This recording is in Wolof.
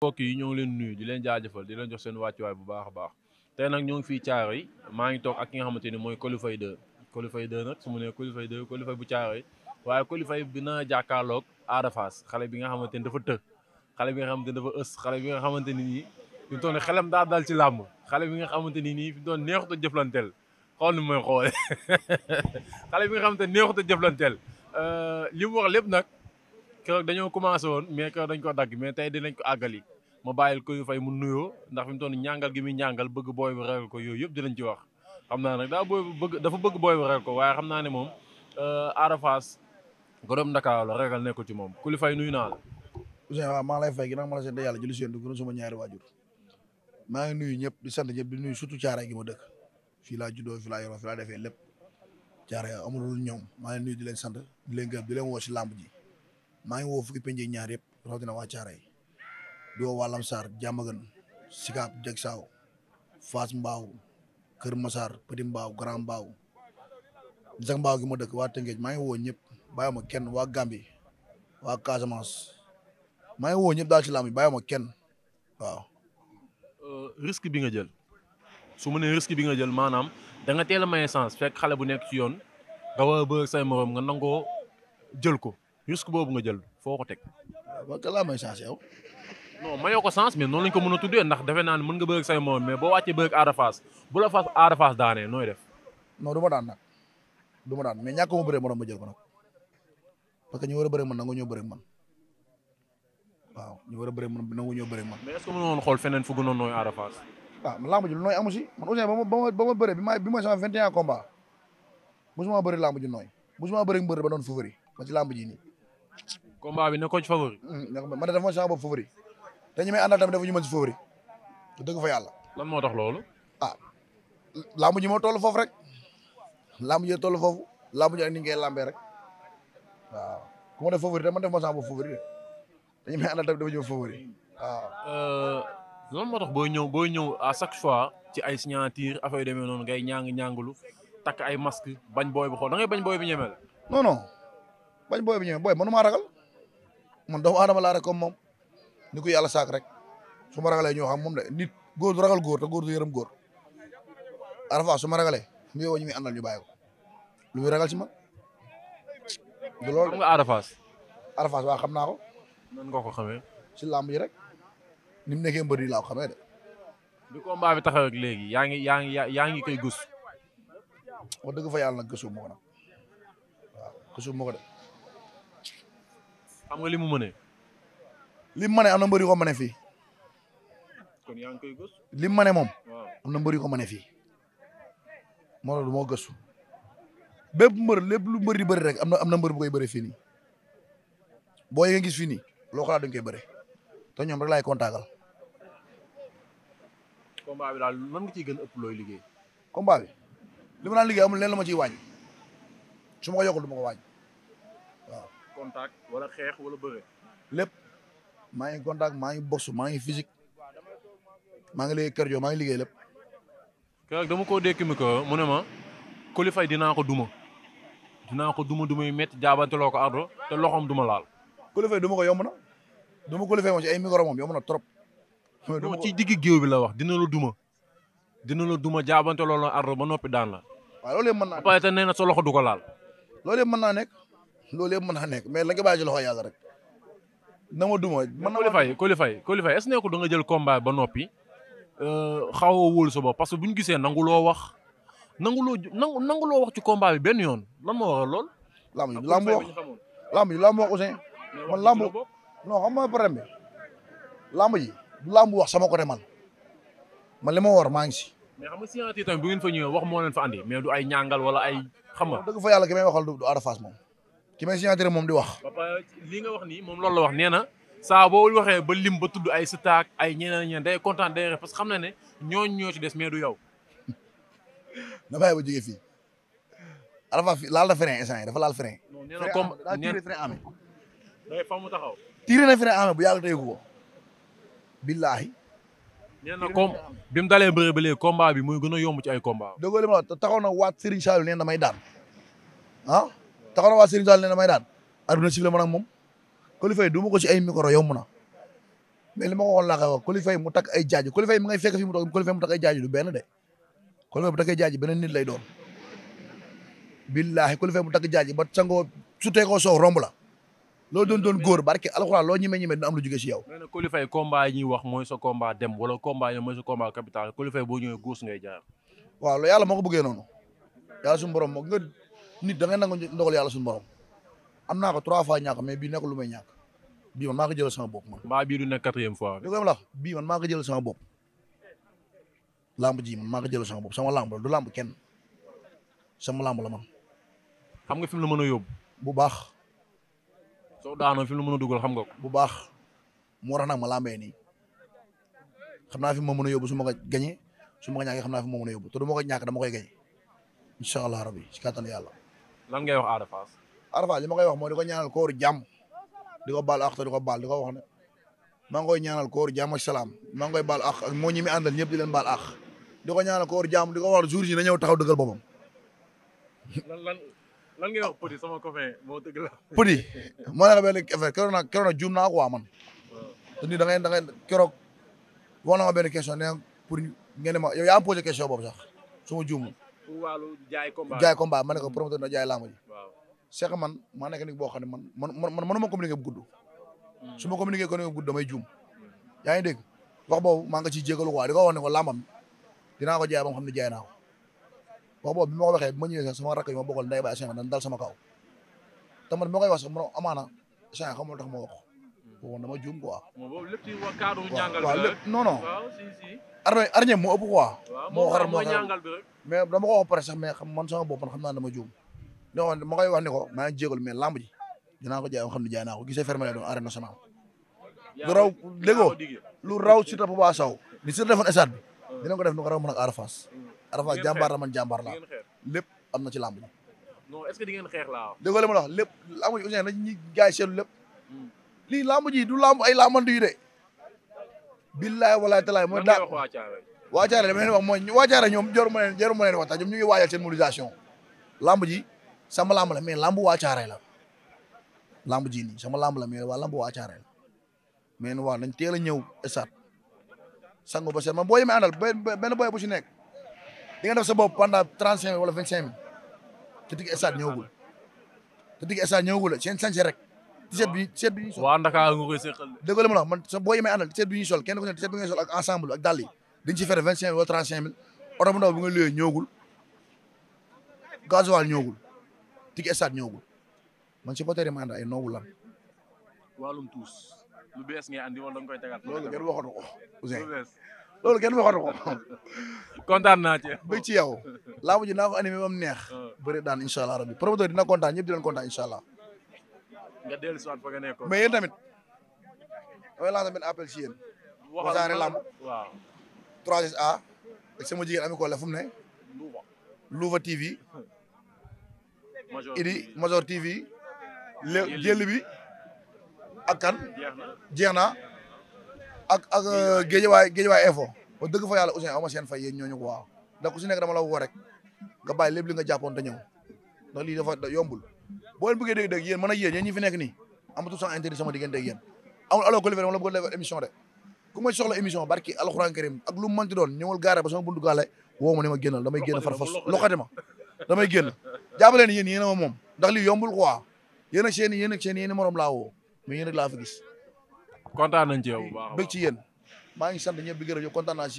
mbokk yi ñoo ngi leen nuyu di leen jaajëfal di leen jox seen wàccuwaay bu baax a baax te nag ñoo ngi fii caaro yi maa ngi toog ak ki nga xamante mooy Colifay 2 Colifay 2 nag su mu nee Colifay 2 bu caaro waaye Colifay bi na jàkkaarloog Ada xale bi nga xamante ni dafa të xale bi nga xamante ni dafa ës xale bi nga xamante ni nii fi mu toon xelam daa dal ci xale bi nga xamante ni nii fi mu toon a jëflanteel xool ni mooy xoole bi nga xamante ni neexut a jëflanteel euh, li mu wax lépp nag keroog dañoo commencé woon mais keroog dañ ko dagg mais tey dinañ ko àggali ma bàyyil ko yu fay mu nuyoo ndax fi mu toll ñàngal gi muy ñàngal bëgg booy bi reer ko yooyu yëpp dinañ ci wax. xam naa ne daa booy bëgg dafa bëgg booy bi reer ko waaye xam naa ne moom euh, Ada Fass gorom Ndakaaru la regal ko ci moom ku li fay nuyu naa la. Ousseyn waaw maa lay fay ginnaaw ma la sant yàlla julli seen dugg suma ñaari waajur maa ngi nuyu ñëpp di sant ñëpp di nuyu surtout Thiaroye gi ma dëkk fii laa juddoo fii laa yoroo fii laa defee lépp Thiaroye amul lu maa ngi nuyu di leen sant di leen gërëm woo si làmb ji maa ngi woo fukki penc ñaar yëpp rawatina waa Caaray di woo waa Lamsaar Jàmmagan Sikaab Jeg Saaw Fass Mbaaw Kër Masaar Petit Mbaaw Grand Mbaaw Zac Mbaaw gi ma dëkk waa Tëngéej maa ngi woo ñëpp bàyyi ma kenn waa Gambi waa Casamance maa ngi woo ñëpp daal ci lamb yi bàyyi ma kenn waaw. Euh, risque bi nga jël suma ma nee risque bi nga jël maanaam da nga teel a maye chance xale bu nekk ci yoon nga war a say morom nga nangoo jël ko. risque boobu nga jël foo ko teg. waaw kan laa may chance yow. non ko sens mais noonu lañ ko mën a tuddee ndax defe naa ne mën nga bëgg say moom mais boo wàccee bëgg Ada Fass bu la fas Ada nooy def. non du ma daan nag du ma daan mais ñàkk ma bëree morom ma jël ko nag parce que ñu war a bëree man nangu ñoo bëree man waaw ñu war a bëree man nangu ñoo bëree man. mais est ce xool feneen fu gënoon nooy Ada Fass. ah man làmb ji lu nooy ma ma ba ma bëree bi ma bi ma sama 21 combat musuma bëri làmb ji nooy musuma bëri mbër ba doon ba ci làmb ji combat bi na hmm, ko ci favori. man de dafa ma si bopp favori te ñi may àndal tamit dafa ñu mën yàlla. lan moo tax loolu. ah laamu toll foofu rek laamu ji toll foofu laamu ji ak ni ngay rek waaw ku ma def favori te man def ma si bopp favori te ñi may àndal tamit dafa ñu mën favori waaw. Euh, lan moo tax booy ñëw booy ñëw à chaque fois ci ay signature affaire yu demee noonu ngay ñaang ñaangulu takk ay masque bañ booy bi xool da bañ booy bi ñemel non non. bañ booy bi ñëwee booy mënu maa ragal man doomu aadama laa rek comme moom ni ko yàlla saak rek su ma ragalee ñoo xam moom de nit góor du ragal góor te góor du yërëm góor Arafa su ma ragalee mu yow ñu muy àndal ñu bàyyi ko lu muy ragal ci man. du loolu xam nga Arafa. Arafa waaw xam naa ko. nan nga ko ci làmb ji rek ni mu nekkee mbër laa xamee de. bi combat bi taxaw léegi yaa ngi yaa ngi yaa ngi koy gëstu. wax dëgg fa yàlla nag gëstu moo ko nag waaw gëstu moo ko de. xam nga li mu mënee. li mu am na mbër yu ko mënee fii. kon yaa ngi koy gëstu. li mu mënee am na mbër yu ko mënee fii. moo loolu moo gëstu. bépp mbër lépp lu mbër di bëri rek am na am na mbër bu koy bëri fii nii. boo yee nga gis fii nii ko laa dañ koy te ñoom rek laay kontaagal. combat bi daal nan nga ciy gën ëpp looy liggéey. combat li ma daan leen lu ciy wàññi su ma ko yokkul ma ko wàññi. contact wala xeex wala bëre. lépp maa ngi contact maa ngi box maa ngi physique maa ngi liggéey cardio maa ngi liggéey lépp. keroog dama koo dékk mi ko mu ne ma Coly Faye dinaa ko duma dinaa ko duma dumay métti jaabanteloo ko ardo te loxoom duma laal. Coly Faye duma ko yomb na duma Coly Faye moom ci ay micro moom yomb na trop. ci digg géew bi la wax dina la duma dina la duma jaabante loolu ardo ba noppi daan la. waaw loolu yëpp mën du ko laal. naa nekk. loolu yëpp mën na nekk mais la nga bàyyi ci rek na ma duma man na ma qualifié qualifié est-ce que jël combat ba noppi euh, xaw a wóolu sa parce que bu ñu gisee nangu loo wax nangu loo nangu nangu loo wax ci combat bi benn yoon lan moo lool. lamb yi lamb wax lamb yi lamb wax Ousseyn man lamb non xam yi du lamb wax sama côté man man li war maa ngi si. mais xam nga fa ñëwee wax moo leen fa andi mais du ay ñàngal wala ay. xam nga dëgg fa yàlla ki may waxal du du Ada Fass moom. ki may signature moom di wax. lii nga wax nii moom lool la wax neena na saa boo waxee ba lim ba tudd ay sëtaak ay ñeneen ñeen day kontaan day ref parce que xam na ne ñooñu ñoo ci des mais du yow. na bàyyi ba jógee fii Alpha fi laal na frein instant yi dafa laal frein. nee na comme daa tiré frein amee. bu yàlla tegu ko. billaahi. nee na comme bi mu dalee bëre ba léegi combat bi muy gën a yomb ci ay combat. dëgg la li ma la taxaw na waat Serigne Saliou nee na damay daan ah? taxaw na waa Serigne Sall ne damay daan arbitre sifflé man moom Coly du ma ko ci ay micro yomb na mais li ma ko waxoon laa koy mu takk ay jaaj Coly Faye mi ngay fekk fi mu toog Coly Faye mu takk ay jaaj du benn de Coly lay doon billaahi Coly Faye mu takk jaaju ba sangoo sutee ko soow romb la loo doon doon góor barke alxuraan loo ñime ñime dina am lu jóge si yow nee na Coly Faye combat yi ñuy wax mooy sa combat dem wala combat yi mooy sa combat capital Coly boo ñëwee guus ngay jaar waaw loolu yàlla ko bëggee noonu nit da ngay nangu ndogal yàlla suñu borom am naa ko trois fois ñàkk mais bii nekkul lu may ñàkk bii man maa ko jël sama bopp man. mbaa bii du nekk quatrième fois. li ko wax bii man maa ko jël sama bopp lamb ji man maa ko jël sama bopp sama lamb la du lamb kenn sama lamb la man. xam nga fi mu la mën a yóbbu. bu baax. soo daanoo fi mu la mën a dugal xam nga ko. bu baax moo tax nag ma lambee nii xam naa fi ma mën a yóbbu su ma ko gañee su ma ko ñàkkee xam naa fi ma mën a yóbbu te du ma ko ñàkk dama koy gañe incha allah rabi si kàttanu yàlla. lan ngay wax Ada Fass. Ada Fass ma koy wax mooy di ko ñaanal kóor jàmm di ko baal ak te di ko baal di ko wax ne maa ngi koy ñaanal kóor jàmm ak salaam maa baal ak moo ñi mi àndal ñëpp di leen baal ak di ko ñaanal kóor jàmm di ko wax jour yi na ñëw taxaw dëggal boppam. lan lan lan ngay wax Petit sama moo dëgg la. Petit moo nekk benn affaire keroog nag keroog nag ko waa man. te nii da ngay da ngay keroog na ma benn question nee pour ngeen ma yow yaa am posé question boobu sax su ma wàllu jaay combat jaay combat ma ne ko promoteur na jaay laamu ji. waaw man maa nekk nit boo xam ne man man man mënuma communiquer bu gudd. Hmm. su ma communiquer ko bu gudd damay juum. yaa ngi dégg wax boobu maa nga ciy jégalu quoi di ko wax ne ko laamam dinaa ko jaay ba xam ne jaay naa ko. wax bi ma ko waxee bi ma ñëwee sax sama rakk yi ma bokkal ba Cheikh dañ dal sama kaw. te man bi koy wax sax man amaana Cheikh xamul tax ma wax ko woon dama juum quoi. boobu lépp ci cadre njàngal bi la waaw lépp non non. waaw si si. armée armée bi rek. mais dama ko wax pare ma koy wax ni ko maa ngi jégalu ji dinaa ma xam ne jaay naa ko la doon arène nationale. lu raw déggoo lu raw si ta Papa Sow ni si defoon stade bi. dinañ ko mm. ji. non est-ce di ngeen xeex laa. déggoo li la wax ji aussi nañ ñi gaay seetlu lépp mm. lii làmb ji du làmb ay làmbandu yu de. billaay walaay talaay mooy daa waacaare dama leen wax mooy waacaare ñoom jaru ma leen jaru ma leen wax tax ñu ngi waajal seen mobilisation làmb ji sama làmb la mais làmb waacaare la ji sama làmb la mais waa làmb waacaare la mais waa nañ teel a ñëw esat sangu ba seet ma boo yemee àndal benn booy bu ci nekk di nga def sa bopp pendant trente cinq mille wala vingt cinq mille te digg esat ñëwagul te digg esat ñëwagul rek t-shirt bi t-shirt sol waa Ndakaar nga ma la man sa boo yi may àndal t-shirt bi ñuy sol kenn ku ne t-shirt bi ngay sol ak ensemble ak dàll yi dañ ci fere vingt cinq mille wala trente cinq mille oto bu ndaw bi nga luyee ñëwagul gasoil ñëwagul tigi stade ñëwagul man supporter yi ma ànd ay noowu lan loolu kenn waxatu ko Ousseyn kontaan naa ci bëgg ci yow laa mu ji naa ko ba mu neex ah. bëri daan incha allah rabbi promoteur dina kontaan ñëpp dinañ kontaan incha allah nga dellu si waat fa nga nekkoon. mais tamit damay lancer benn appel si yéen. Wassare Lamb waaw 3SA ak sama jigéen fum ko la ne. Louva Louva TV. Major TV Idi Major TV. léegi jël bi ak kan. jeex na ak ak euh, Géejawaay Géejawaay info. ba dëgg fa yàlla Ousseyn aw seen fay yéen ñooñu ko waaw. ndax ku si nekk dama la woo rek nga bàyyi lépp li nga jàppoon te ñëw yombul. boo leen bëggee dégg dégg yéen mën a yéen yéen ñi fi nekk nii amatul sama intérêt sama diggante ak yéen amul alo ko lifere ma la bëgg a defal émission de ku may soxla émission barki alxuraan karim ak lu mu mënti doon ñëwal gaare ba sama buntu gaale woo ma ma génnal damay génn farfas loxati damay génn jàppaleen yéen yéen a ma moom ndax yombul quoi yéen ak seen morom laa woo mais yéen laa fi gis ci yow bu ngi sant ñëpp bi gërëm yow kontaan